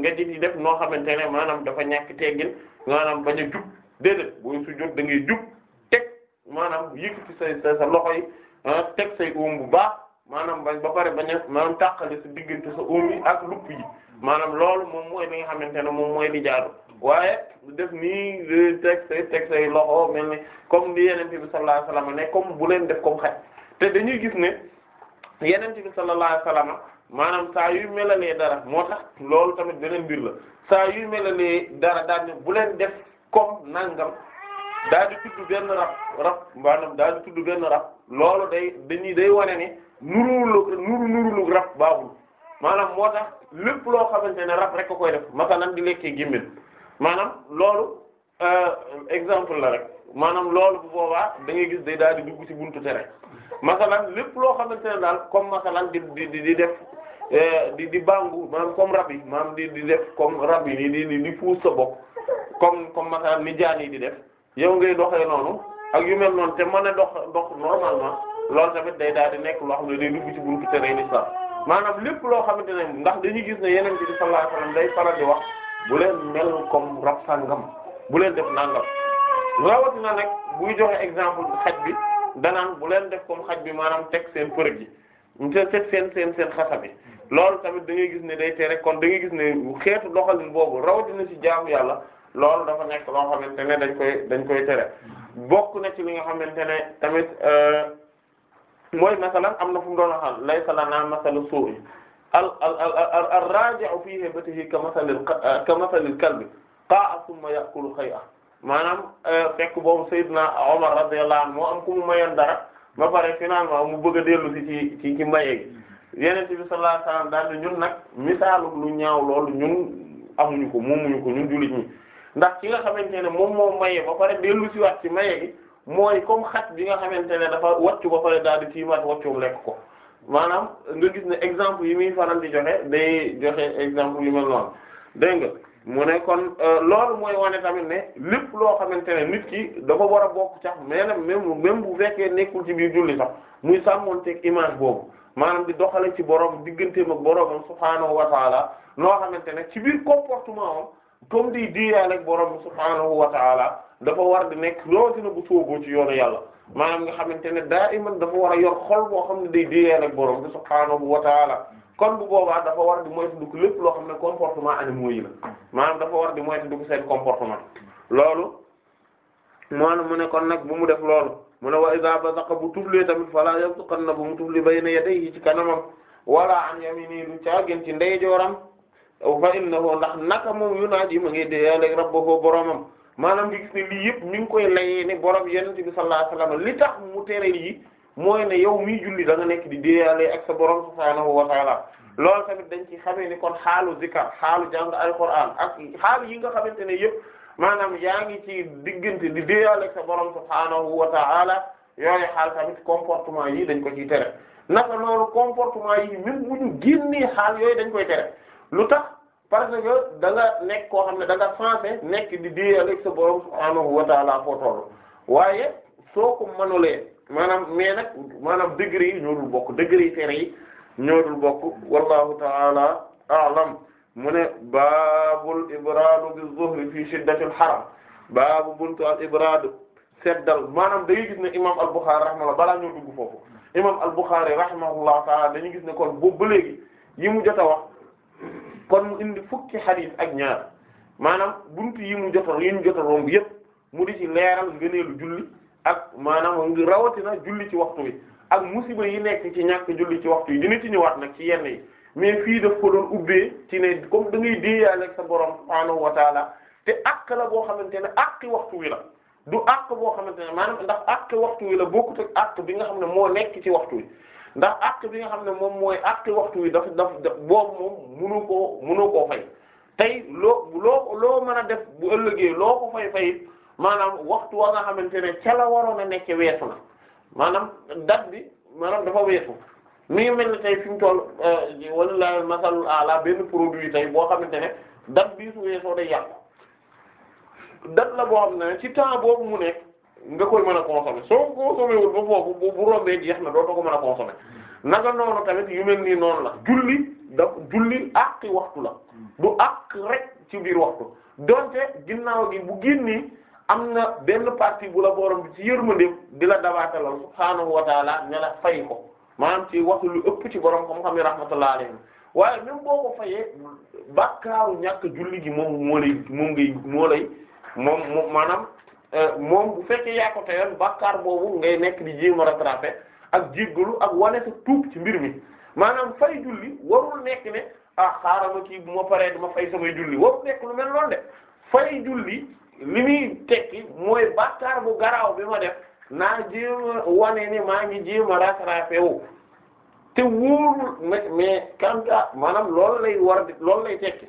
nga di def noo xamante ne maanaam dafa ñàkk teggin maanaam bañ a jug déedéet booy sujjóot da jug teg maanaam yëkkati say sa sa loxo yi ah, teg say oom bu baax maanaam bañ ba pare ba a maanaam tàqale sa diggante sa oom ak lupp yi maanaam loolu moom mooy li nga xamante ne moom mooy li jaadu waaye def nii teg say teg say loxo mel ni comme li yonent bi sallallahu alayhi ne comme bu leen def comme xaj te dañuy gis ne yonent bi sallallahu alayhi wasallam maanaam saa yuy melalee dara moo tax loolu tamit beneen mbir la saa yuy melalee dara daal bu leen def comme nangam daal di tudd benn rab rab maanaam daal di tudd loolu day dañuy day wane ne. nuruwul nuru nuruwul rab baaxul maanaam moo tax lépp loo xamante ne rab rek ko koy def masalan di lekkee gémmin maanaam loolu euh, exemple la rek maanaam loolu bu boobaa da gis day daal di dugg ci buntu tere masalan lépp loo xamante ne daal comme masalan di di di def euh, di di bangu maanaam comme rab yi maanaam di di def comme rab yi di di di puus sa bokk comme comme masalan ni jaan yi di def yow ngay doxee noonu ak yu mel noonu te mën a dox dox normalement. loolu tamit day daal di nekk loo xam ne day dugg ci buntu tere l'islam maanaam lépp loo xamante ne ndax dañuy gis ne yeneen bi day faral di wax bu leen mel comme rab sangam bu leen def nangam rawatina nag buy joxe exemple xaj bi danaan bu leen def comme xaj bi maanaam teg seen përëg yi te teg seen seen seen xasa bi loolu tamit da gis ne day tere kon da gis ne xeetu doxalin boobu rawatina ci jaamu yàlla loolu dafa nekk loo xamante ne dañ koy dañ koy tere bokk na ci li nga xamante ne tamit. Euh, mooy masalan am na fu mu doon waxal laysa lanaa masalu suu'i al al al al raaji'u fii haybatihi ka masalil ka a kalbi qaa'a thumma ya'kulu khay'a maanaam euh, fekk boobu Seydina Omar radiyallahu anhu moo am ku mu mayoon dara ba pare finalement mu bëgg a dellu si ci ci ci maye gi Yonent bi sallallahu alayhi wasallam daal ñun nag misaalu lu ñaaw loolu ñun amuñu ko moomuñu ko ñun jullit ñi ndax ki nga xamante ne moom moo maye ba pare dellu si ci maye gi. mooy comme xat bi nga xamante ne dafa wàccu ba pare daal di tiimaat wàccuum lekk ko maanaam nga gis ne exemple yi muy faral di joxe day joxe exemple yu mel noonu dégg nga mu ne kon euh, loolu mooy wane tamit ne lépp loo xamante ne nit ki dafa war a bokk sax mais nag même même bu fekkee nekkul ci biir julli sax muy teg image boobu maanaam di doxale ci borom digganteem ak boromam subhaanahu wa taala noo xamante ne ci biir comportement am comme di diyaale ak borom subhaanahu dafa war di nekk rawatina bu soogoo ci yoonu yàlla maanaam nga xamante ne daa iman dafa war a yor xol boo xam ne day diyee ak borom bi subhaanahu wa taala kon bu boobaa dafa war di moytu ko lépp loo xam ne comportement animaux yi la maanaam dafa war di moytu ko seen comportement loolu moo mu ne kon nag bu mu def loolu mu ne wa iza bazaqa bu tuflee tamit fala yabsuqanna bu mu tufli bayna yadayhi ci kanamam wala an yamini du caagin ci ndeyjooram fa innahu ndax naka moom yunaaji ma ngi dee léegi rabbahu boromam maanaam di gis lii yëpp ñu ngi koy layee ne borom yenente bi sallallahu alayhi wasallam li tax mu tere lii mooy ne yow miy julli da nekk di déyaale ak sa borom subhaanahu wa ta'ala loolu tamit dañ ci xamee ni kon xaalu zikar xaalu jàng alquran ak xaalu yi nga xamante ne yëpp maanaam yaa ngi ci diggante di déyaale ak sa borom subhaanahu wa ta'ala yooyu xaal tamit comportement yi dañ ko ciy tere naka loolu comportement yi même bu ñu xaal yooyu dañ koy tere lu tax parce que da nga nekk koo xam ne da nga censé nekk di déeyal ak sa borom subhaanahu wa ta'ala foo waaye soo ko manulee maanaam mais nag maanaam degré yi ñoo dul bokk degré yi yi ñoo bokk wallahu ta'ala a'lam mu ne baabul ibraadu bi zuhri fi shiddatil baabu buntu al ibraadu seddal maanaam da ngay gis ne imam al-Bukhari rahimahullah balaa ñoo dugg foofu imam al-Bukhari ta'ala dañu gis ne kon boobu ba yi mu jot a wax kon mu indi fukki xadis ak ñaar maanaam buntu yi mu jot a yi mu jot a yëpp mu di ci leeral ngëneelu julli ak maanaam ngi rawatina julli ci waxtu bi ak musiba yi nekk ci ñàkk julli ci waxtu yi dina ci waat nag ci yenn yi mais fii daf ko doon ubbee ci ne comme da ngay déeyaale sa borom subhaanahu wa taala te àq la boo xamante ne àqi waxtu wi la du àq boo xamante ne maanaam ndax àq waxtu wi la bokkut ak bi nga xam ne moo nekk ci waxtu wi ndax acte bi nga xam ne moom mooy acte waxtu wi daf daf daf boobu moom munu koo munu koo fay tey loo loo loo mën a def bu ëllëgee loo ko fay fay maanaam waxtu wa nga xamante ne ca la waroon a nekk weesu na maanaam date bi maanaam dafa weesu mi ngi mel ne tey fi mu toll euh, wallaahi masalul ala benn produit tey boo xamante ne date bii su weesoo day yàqu date la boo xam ne ci temps boobu mu nekk. nga koy mën a consommer soo consommé wul ba foofu bu bu rombee jeex na dootoo ko mën a consommer naka noonu tamit yu mel nii noonu la julli da julli àq waxtu la du àq rek ci biir waxtu donte ginnaaw gi bu génnee am na benn partie bu la borom bi ci yërmandeem di la dabaatalal subhaanahu wa taala ne la ko maanaam ci waxtu lu ëpp ci borom xam-xam yi rahmatullah alayhim waaye même boo ko fayee bàkkaaru ñàkk julli gi moom moo lay moom ngay moo lay moom moom Euh, moom bu fekkee yaa ko teyoon bàkkaar boobu ngay nekk di jéem a rattraper ak jéggalu ak wane sa tuub ci mbir mi maanaam fay julli warul nekk ne ah xaaral ma kii bu ma paree dama fay samay julli warul nekk lu mel noonu de fay julli li muy tekki mooy bàkkaar bu garaaw bi ma def naa jéem a ni ne maa ngi jéem a rattraper wu te wóorul mais mais kanta maanaam loolu lay war loolu lay tekki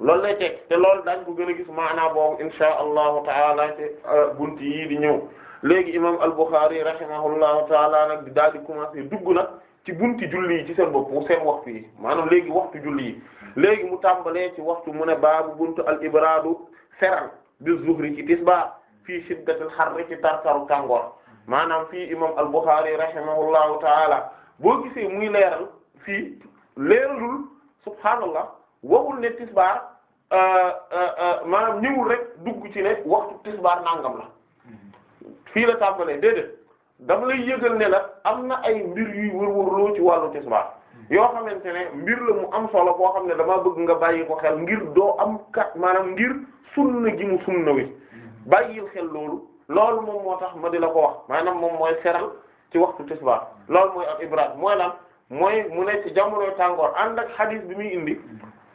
loolu lay te loolu daañ ko gën a gis maanaa boobu inshaa allahu taala te euh, bunt yii di ñëw léegi imam al-Bukhari rahimahullahu taala nag di daal di commencé dugg na ci bunti julli yi ci seen bopp seen waxtu yi maanaam léegi waxtu julli yi léegi mu tàmbalee ci waxtu mu ne baabu buntu al-ibraadu feral bi zuhri ci tisba fii shiddatil harri ci tartaru tàngoor maanaam fii imam al-Bukhari rahimahullahu taala boo gisee muy leeral fii leeralul subhaanallah waxul ne tisbaar euh, euh, euh, maanaam ñëwul rek dugg ci ne waxtu tisbaar nangam la fii la tàmbalee déedéet dama lay yëgal ne la am na ay mbir yuy wërwërloo ci wàllu tisbaar yoo xamante ne mbir la mu am solo boo xam ne damaa bëgg nga bàyyi ko xel ngir doo am kat maanaam ngir sunna gi mu sunna wi bàyyil xel loolu loolu moom moo tax ma di la ko wax maanaam moom mooy seral ci waxtu tisbaar loolu mooy ak ibrahim mooy lan mooy mu nekk jamonoy tàngoor ànd ak hadith bi muy indi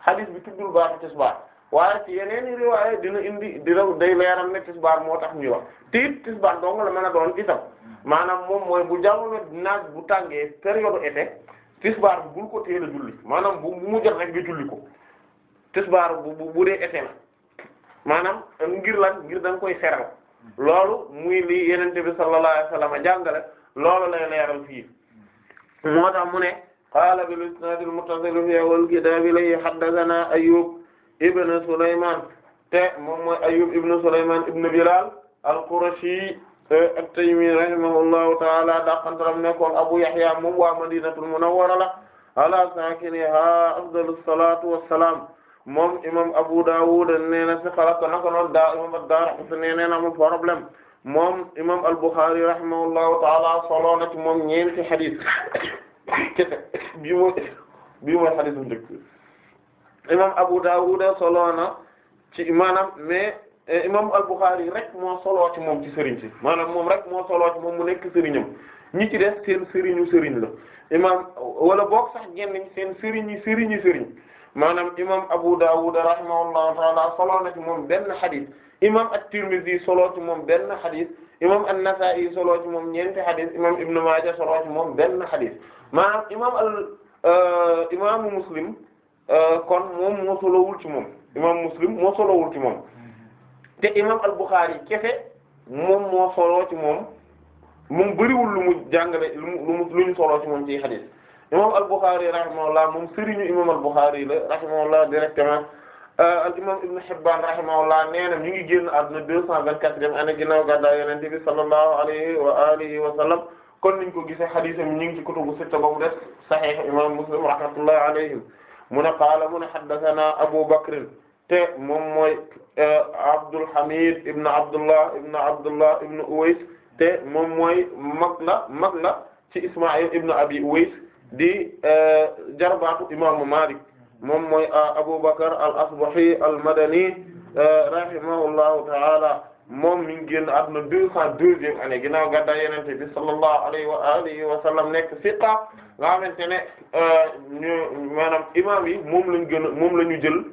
hadith bi tuddul baatu tisbaar waaye ci yeneen riwaaya dina indi dina day leeral ne tisbaar moo tax ñuy wax tiit tisbaar dong la mën a doon itam maanaam moom mooy bu jamono naaj bu tàngee période été tisbaar bi bul ko teel a julli maanaam bu mu jot rek nga julli ko tisbaar bu bu dee été la maanaam ngir lan ngir da koy seral loolu muy li yenente bi sallallahu alayhi wasallam jàngale loolu lay leeral fii moo tax mu ne qaala bil isnaad al muttasil fi awwal kitaab li haddathanaa Ayyub ibn Sulaymaan te moom mooy Ayyub ibn Sulaymaan ibn Bilaal al-Qurashi at-Taymi rahimahullahu ta'aala daqantaram nekkoon Abu Yahya moom waa Madiinatul Munawwara la ala saakinihaa afdalus salaatu wassalaam moom imam Abu Dawud nee na si xalaat naka noonu daa imam ad-Daaraqutni nee na amul problème moom imam al-Bukhari rahimahullahu ta'aala solo na ci moom ñeenti hadiis kese [LAUGHS] bii mooy bii mooy xadis bu njëkk imam Abu Dawud solo na ci maanaam mais eh, imam al-Bukhari rek moo solo ci moom ci sëriñ si maanaam moom rek moo solo moom mu nekk sëriñam ñi ci des seen sëriñu sëriñ la imam wala boog sax ñenn seen sëriñi sëriñi sëriñ maanaam imam Abu Dawud rahimahullahu ta'ala solo na ci moom benn xadis imam at-Tirmidhi solo ci moom benn xadis imam an-Nasa'i solo ci moom ñeenti xadis imam Ibn Majah solo ci moom benn xadis maanaam imaam al euh, imaamu muslim euh, kon moom moo solowul ci moom imaam muslim moo solowul ci moom te imaam al buxaari kese moom moo soloo ci moom moom bëriwul lu mu jàngale lu mu lu ñu soloo ci moom ci xadiis imaam al buxaari rahimahullah moom sëriñu imaam al buxaari la rahimahullah directement euh, al imaam ibn Hibbaan rahimahullah nee na ñu ngi génn àdduna deux cent vingt-quatrième année ginnaaw gàddaay Yonent bi sallallahu alayhi wa alihi wa sallam kon niñ ko gisee xadisam ñi ngi ci kutubu sitta ba mu def sahih imam muslim rahmatullahi alayhim mu ne qaala mu ne haddathana abu bakr te moom mooy eh, abdul hamid ibn abdullah ibn abdullah ibn uwais te moom mooy mag la mag la ci isma'il ibn abi uwais di eh, jarbaatu imaamu malik moom mooy eh, abu bakr al asbahi al madani rahimahullahu ta'ala moom mi ngi génn àdduna deux cent deuxième année ginnaaw gàddaay yenente bi sallallahu alayhi wa alihi wa sallam nekk siqa nga xamante ne euh, ñu imam yi moom lañu gën moom la ñu jël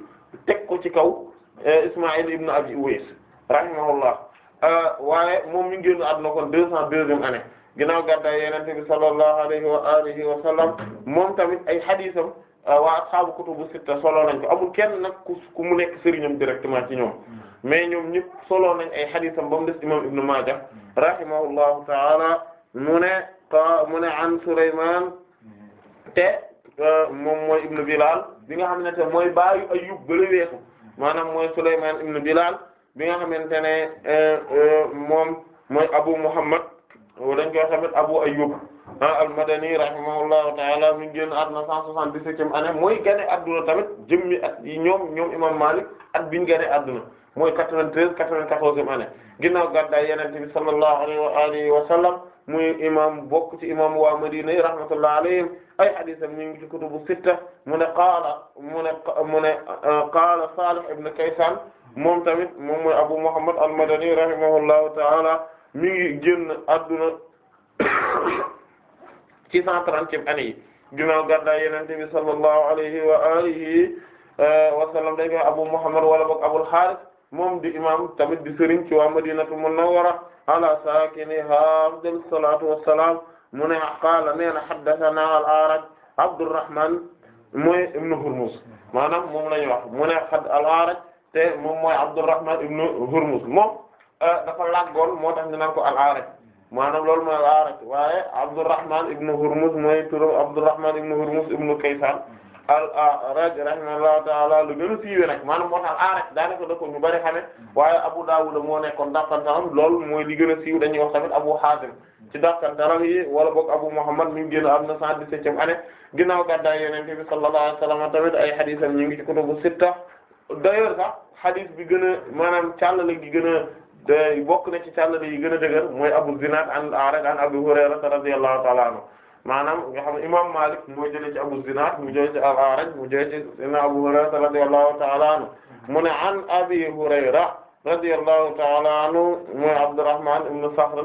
teg ko ci kaw euh, Ismaïl ibn Abi Uways rahimahullah euh, waaye moom mi ngi génn àdduna kon deux cent deuxième année ginnaaw gàddaay yenente bi sallallahu alayhi wa alihi wa sallam moom tamit ay hadisam waa ashaabu kutubu sitta solo nañ ko amul kenn nag ku mu nekk sëriñam directement ci ñoom mais ñoom ñëpp solo nañ ay xadisam ba mu des imam Ibn Maaja rahimahullahu taala mu ne mu ne an Sulaymaan te euh, moom mooy Ibn Bilal bi nga xam ne te mooy baayu Ayyub bële weesu maanaam mooy Sulaymaan Ibn Bilal bi nga xamante ne euh, euh, moom mooy Abu Muhammad dañ koy xamit Abu Ayyub ah, al-Madani rahimahullahu taala mi ngi génn àdduna 177e année mooy gane àdduna tamit jëmmi at yi ñoom ñoom imam Malik at biñ gane àdduna mooy 93 94e année ginnaaw gàddaay Yonent bi sallallahu alayhi wa alihi wa sallam muy imam bokk ci imam waa Madina yi rahmatullahi alayhim ay hadiisam ñu ngi ci kutubu sitta mu ne qaala mu ne mu ne qaala Salih ibn Kaysan moom tamit moom mooy Abu Muhammad al-Madani rahimahullahu ta'ala mi ngi génn adduna [COUGHS] ci 130e année yi ginnaaw gàddaay Yonent bi sallallahu alayhi wa alihi euh, wa sallam dañ koy Abu Muhammad wala boog Abul Harith moom di imam tamit di sëriñ waa madinatu munawwara ala saakiniha afdal salatu wassalam mu ne qaala nee na haddathana al-A'raj Abdurrahman mooy ibnu Hurmuz maanaam la ñuy wax mu ne xad al-A'raj mooy Abdurrahman Hurmuz moom euh, dafa laggoon moo tax ñu naan ko loolu mooy al-A'raj waaye Abdurrahman Hurmuz mooy turam Abdurrahman Hurmuz ibnu Kaysan al-A'raj rahimahullahu ta'ala lu gën a siiwee nag maanaam moo tax A'raj daanaka da ko ñu bari xame waaye Abu Dawud moo nekkoon dàqantaram lool mooy li gën a siiw dañuy wax tamit Abu Hazim ci dàqantaram yi wala boog Abu Muhammad mi ngi génn am na 117e année ginnaaw gàddaay Yonent bi sallallahu alayhi wa sallam tamit ay xadiisam ñu ngi ci kutubu sitta d'ailleurs sax xadis bi gën a maanaam càllale gi gën a bokk na ci càllale yi gën a dëgër mooy Abu Zinad an al-A'raj an Abu Hurayra radiyallahu maanaam nga xam ne imam Malik moo jëlee ci Abu Zinad mu jëlee ci al-A'raj mu jëlee ci Seydina Abu Hurayra radiyallahu ta'ala anhu mu ne an Abi Hurayra radiyallahu ta'ala anhu mooy Abdurrahman ibn Sakhr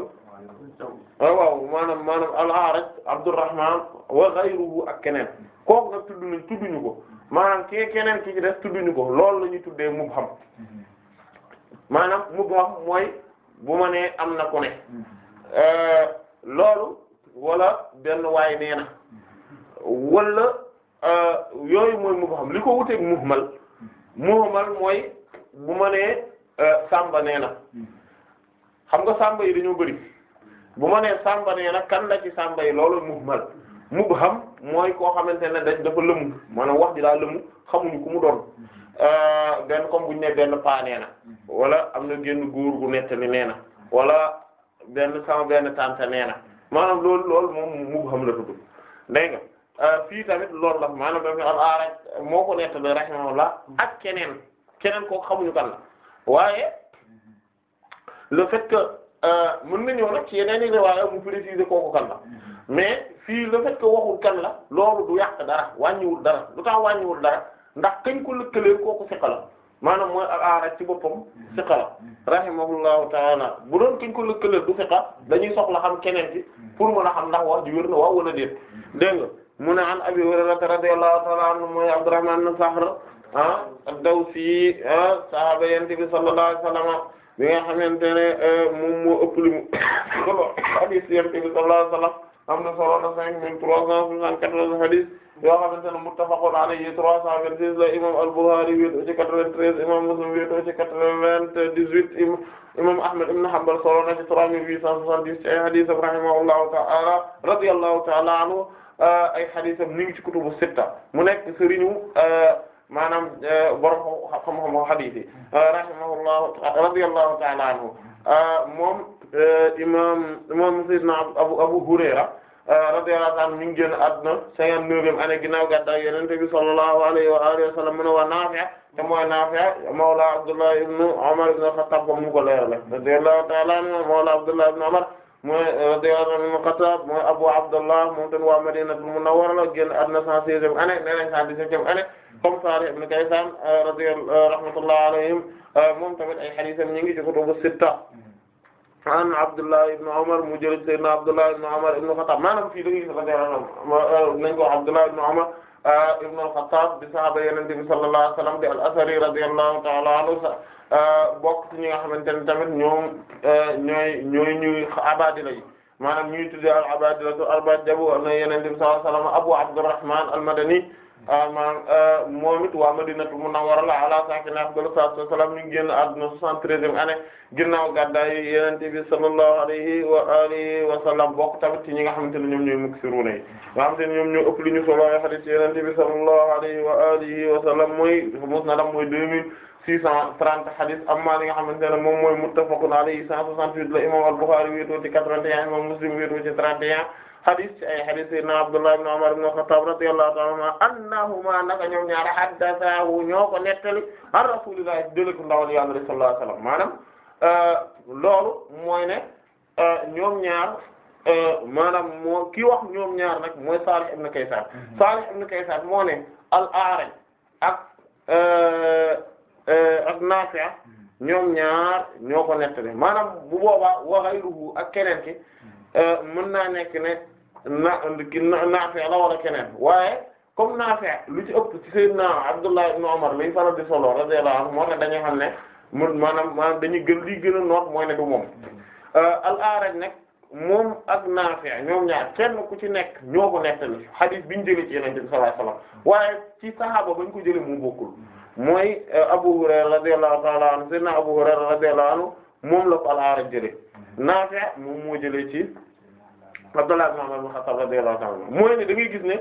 ah, waaw maanaam maanaam al-A'raj Abdurrahman wa ghayruhu ak keneen kooku nag tudd nañ tudduñu ko maanaam kii keneen ki ci def tudduñu ko loolu la ñuy tuddee mubham maanaam mubham mooy bu ma nee am na ku ne mm-hmm. euh, loolu wala benn waay nee na euh, yooyu mooy mubham li ko wuteeg muhmal muhmal mooy bu ma nee euh, sàmba nee na xam nga sàmba yi dañoo bëri bu ma nee sàmba nee kan la ci sàmba yi loolu muhmal mubham mooy koo xamante ne dañ dafa lëmu maanaam wax ji daa lëmu xamuñu ku mu doon euh, benn comme buñu ne benn paa nee wala am na génn góor gu nettali nee na wala benn sama benn tante nee na maanaam loolu loolu moom mu xam la tudd dégg nga euh, fii tamit loolu la maanaam dafa al-A'raj moo ko nettali la ak keneen keneen kooku xamuñu kan la waaye le fait que euh, mën na ñëw ci yeneen i riwaaya mu préciser kooku kan la mais fii le fait que kan la loolu du yàq dara wàññiwul dara lu tax wàññiwul dara ndax kañ ko lëkkalee kooku fiqa la maanaam mooy al-A'raj ci boppam fiqa la rahimahullahu ta'ala bu doon kañ ko lëkkalee du fiqa dañuy soxla xam keneen ci pour mën a xam ndax wax ji wér na waaw wala déet dégg nga mu ne an Abi Hurayrata radiyallahu ta'ala anhu mooy Abdurrahman ibn Saxr ah ad-Dawsi ah, sahaaba yonent bi sallallahu alayhi wa sallam bi nga xamante ne eh, moom moo ëpp lu mu [COUGHS] solo hadith yonent bi sallallahu alayhi wa sallam am na solo na cinq mille trois cent soixante-quatorze hadith yoo xamante ne muttafaqun alayhi trois cent vingt-six la imam al-Bukhari ci quatre-vingt-treize imam Muslim wéetoo ci quatre-vingt-dix-huit imam Ahmad ibn Hanbal solo na ci 3870 ci ay hadisam rahimahullahu ta'ala radiyallahu ta'ala anhu euh, ay hadisam ñu ngi ci kutubu sitta mu nekk sëriñu euh, maanaam euh, borom xam-xamu hadis yi rahimahullahu radiyallahu ta'ala anhu moom imam moom sayyidina Abu Abu Hurayra radiyallahu ta'ala mi ngi génn àdduna 59e année ginnaaw gàddaay Yonent bi sallallahu alayhi wa alihi wa sallam mu ne wa Naafi' te mooy Naafi' ah, mawla Abdullah ibn Umar ibn al-Khattab comme mu ko leerale radiyallahu ta'ala anhu mawla Abdullah ibn Umar mooy eh, radiyallahu anhu al-Khattab mooy Abu Abdullah moom tamit waa Madinatul Munawwara la génn àdduna 116e année nee na 117e année comme Salih ibn Kaysan eh, radiyallahu eh, rahmatullahi alayhim moom tamit ay hadiisam ñu ngi ci kutubu sitta an Abdullah ibn Umar mu jël sayyidina Abdullah ibn Umar ibn al-Khattab maanaam fii da ngay gis radiyallahu anhu nañ ko Abdullah ibn Umar ibn al-Khattab di sahaaba Yonent bi sallallahu alayhi wa sallam di al-Asari radiyallahu ta'ala anhu bokk ci ñi nga xamante ne tamit ñoom ñooy ñooy ñuy abadila yi maanaam ñuy tudde al-abadilatu al-arba'a jabu na Yonent bi sallallahu alayhi wa sallam Abu Abdurrahman al-Madani maanaam euh, moom it waa Madinatu Munawwara la ala saakinihaa afdalu salaatu wa salaam ñu ngi génn àdduna 73e année ginnaaw gàddaay Yonent bi sallallahu alayhi wa alihi wa sallam bokk tamit ci ñi nga xamante ne ñoom ñooy yi nga xamante ne ñoom ñoo ëpp li ñu solo hadiis Yonent bi sallallahu alayhi wa alihi wa sallam mooy musnadam mooy 2630 hadiis amma li nga xamante ne moom mooy muttafaqun alayhi 168 la imaam al-Bukhari wéetoo ci 81 imaam Muslim hadis ci eh, ay hadis sayyidina Abdullah ibn Umar ibn Khattab radiyallahu anhuma annahuma naka ñoom ñaar haddathahu ñoo ko nettali an Rasulillah jëlee ko ndawal Yàlla sallallahu alayhi wasallam maanaam eh, loolu mooy ne eh, ñoom ñaar maanaam moo ki wax ñoom ñaar nag mooy Salih ibn Kaysar mm-hmm. Salih ibn Kaysar moo ne al-A'raj ak ak Nafi' mm-hmm. ñoom ñaar ñoo ko nettali maanaam bu boobaa wa ghayruhu ak keneen ki mm-hmm. mën naa nekk ne. na Naafi la wala keneen waaye comme Naafi lu ci ëpp ci Seydina Abdullah ibn Umar lay faral di solo moo tax dañuy xam ne mu maanaam maanaam gën lii gën a noot mooy ne du moom euh, al-A'raj nag moom ak Naafi ñoom ñaar kenn ku ci nekk ñoo nekk nettali hadith biñ jëlee ci Yonent bi sallallahu alayhi wasallam waaye ci sahaaba bañ ko jëlee mu bokkul mooy euh, Abu Hurayra radiyallahu ta'ala anhu Seydina Abu Hurayra radiyallahu moom la al-A'raj jëlee Naafi moom moo jëlee ci. Abdullah ibn Umar ibn mooy ne da ngay gis ne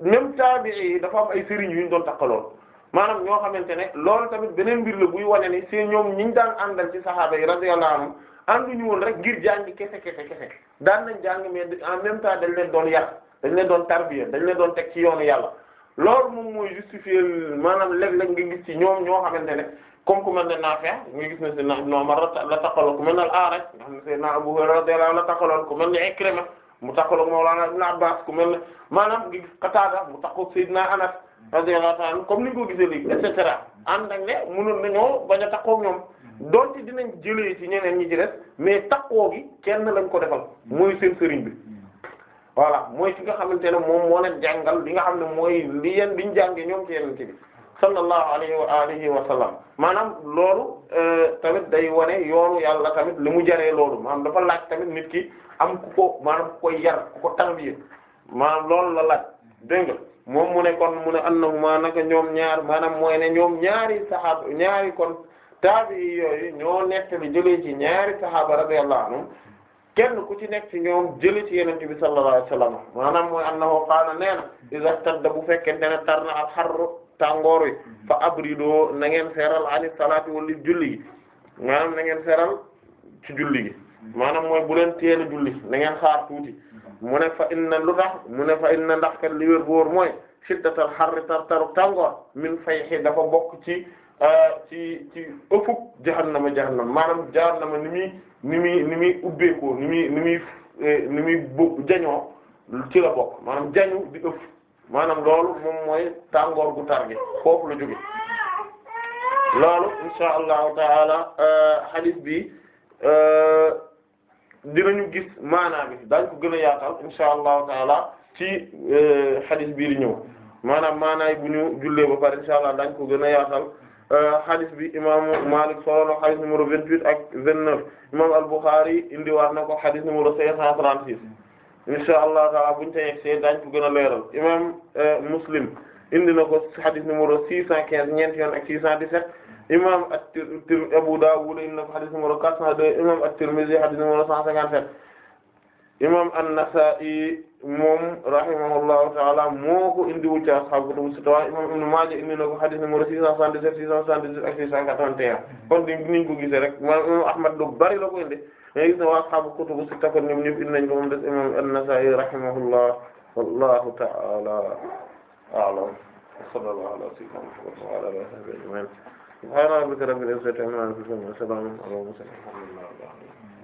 même taabi'i dafa am ay sëriñ yu ñu doon takkaloon maanaam ñoo xamante ne loolu tamit beneen mbir la buy wane ni seen ñoom ñi ñu daan àndal ci saxaaba yi radiyallahu anhum ànduñu woon rek ngir jàngi kese kese kese daan nañ jàng mais en même temps dañ leen doon yar dañ leen doon tarbiya dañ leen doon teg ci yoonu yàlla loolu moom mooy justifier maanaam léeg-léeg nga ci ñoom ñoo xamante ne comme ku mel ne Naafi' ah, nga gis ne Seydina Ibn la takkaloon ku mel ne al-A'raj nga xam ne Seydina Abu Hurayra radiyallahu anhu mu takkaloog Mawlana Ibn Abbas ku mel ne maanaam ngi gis Qatada mu takkoog Seydina Anas radiyallahu ta'ala comme ni nga ko gisee léegi et cetera ànd ak ne mënoon nañoo bañ a takkoog ñoom donte dinañ jëlee ci ñeen ñi ci des mais takkoo gi kenn lañ ko defal mooy seen bi voilà mooy ki nga xamante ne moom moo leen jàngal li nga xam ne mooy li yeen biñ jàngee ñoom ci yeneen ci bi sallallahu alayhi wa alihi wa sallam maanaam loolu euh, tamit day wane yoonu yàlla tamit li mu jaree loolu maanaam laaj tamit nit ki am ku ko maanaam ku ko yar ku ko tarbiya maanaam loolu la laaj nga moom mu ne kon mu ne annahuma naka ñoom ñaar maanaam mooy ñoom ñaari saxaaba ñaari kon taabi yooyu ñoo nettali jëlee ci ñaari saxaaba radiyallahu anhum kenn ku ci nekk ci ñoom jëlee ci yenente bi sallallahu alayhi wasallam maanaam mooy annahu qaala nee na iza tadda bu fekkente ne tar na ak xarru tàngoor yi fa abridoo na ngeen feral ani salaati wala julli gi maanaam na ngeen feral ci julli gi maanaam mooy bu leen teel a julli na ngeen xaar tuuti mu ne fa inna lu tax mu ne fa inna ndax kat li wér boor mooy shiddatal xarri tartaru tàngoor min fayhi dafa bokk ci euh, ci ci ëppub jahannama jahannama maanaam jahannama ni muy ni muy ni muy ni muy ni muy euh, ni muy bu jañoo ci la bokk maanaam jañu di ëpp maanaam loolu moom mooy tàngoor gu tar gi foofu la loolu insha allahu taala euh, hadith bi dinañu gis maanaa bi daañ ko gën a yaatal insha allahu taala ci euh, xadis bii di ñëw maanaam maanaay bu ñu jullee ba pare insha allah daañ gën a yaatal euh, xadis bi imaamu Maalik solo na xadis numéro vingt-huit ak vingt-neuf imam al-Bukhari indiwaat na ko xadis numéro cinq cent trente-six insha allah taala buñu tey see daañ ko gën a leeral imam euh, Muslim indi na ko xadis numéro six cent quinze ñeent yoon ak six cent dix imam at-Tirmidhi Abu Dawud indi na ko hadith numéro 402 imam at-Tirmidhi hadith numéro 157 imam an-Nasa'i moom rahimahullahu ta'ala moo ko indiwul ci ashaabu kutubu sitta waaye imam Ibn Maaja indi na ko hadith numéro 677 678 ak 681 kon ni niñ ko gisee rek maanaam imam Ahmad lu bari la ko indi mais gis na waa ashaabu kutubu sitta kon ñoom ñëpp indi nañ ko moom des imam an-Nasa'i rahimahullah wallahu ta'ala a'lam subhaana rabbika rabbil izzati amma yasifun wa salaamun ala al mursalin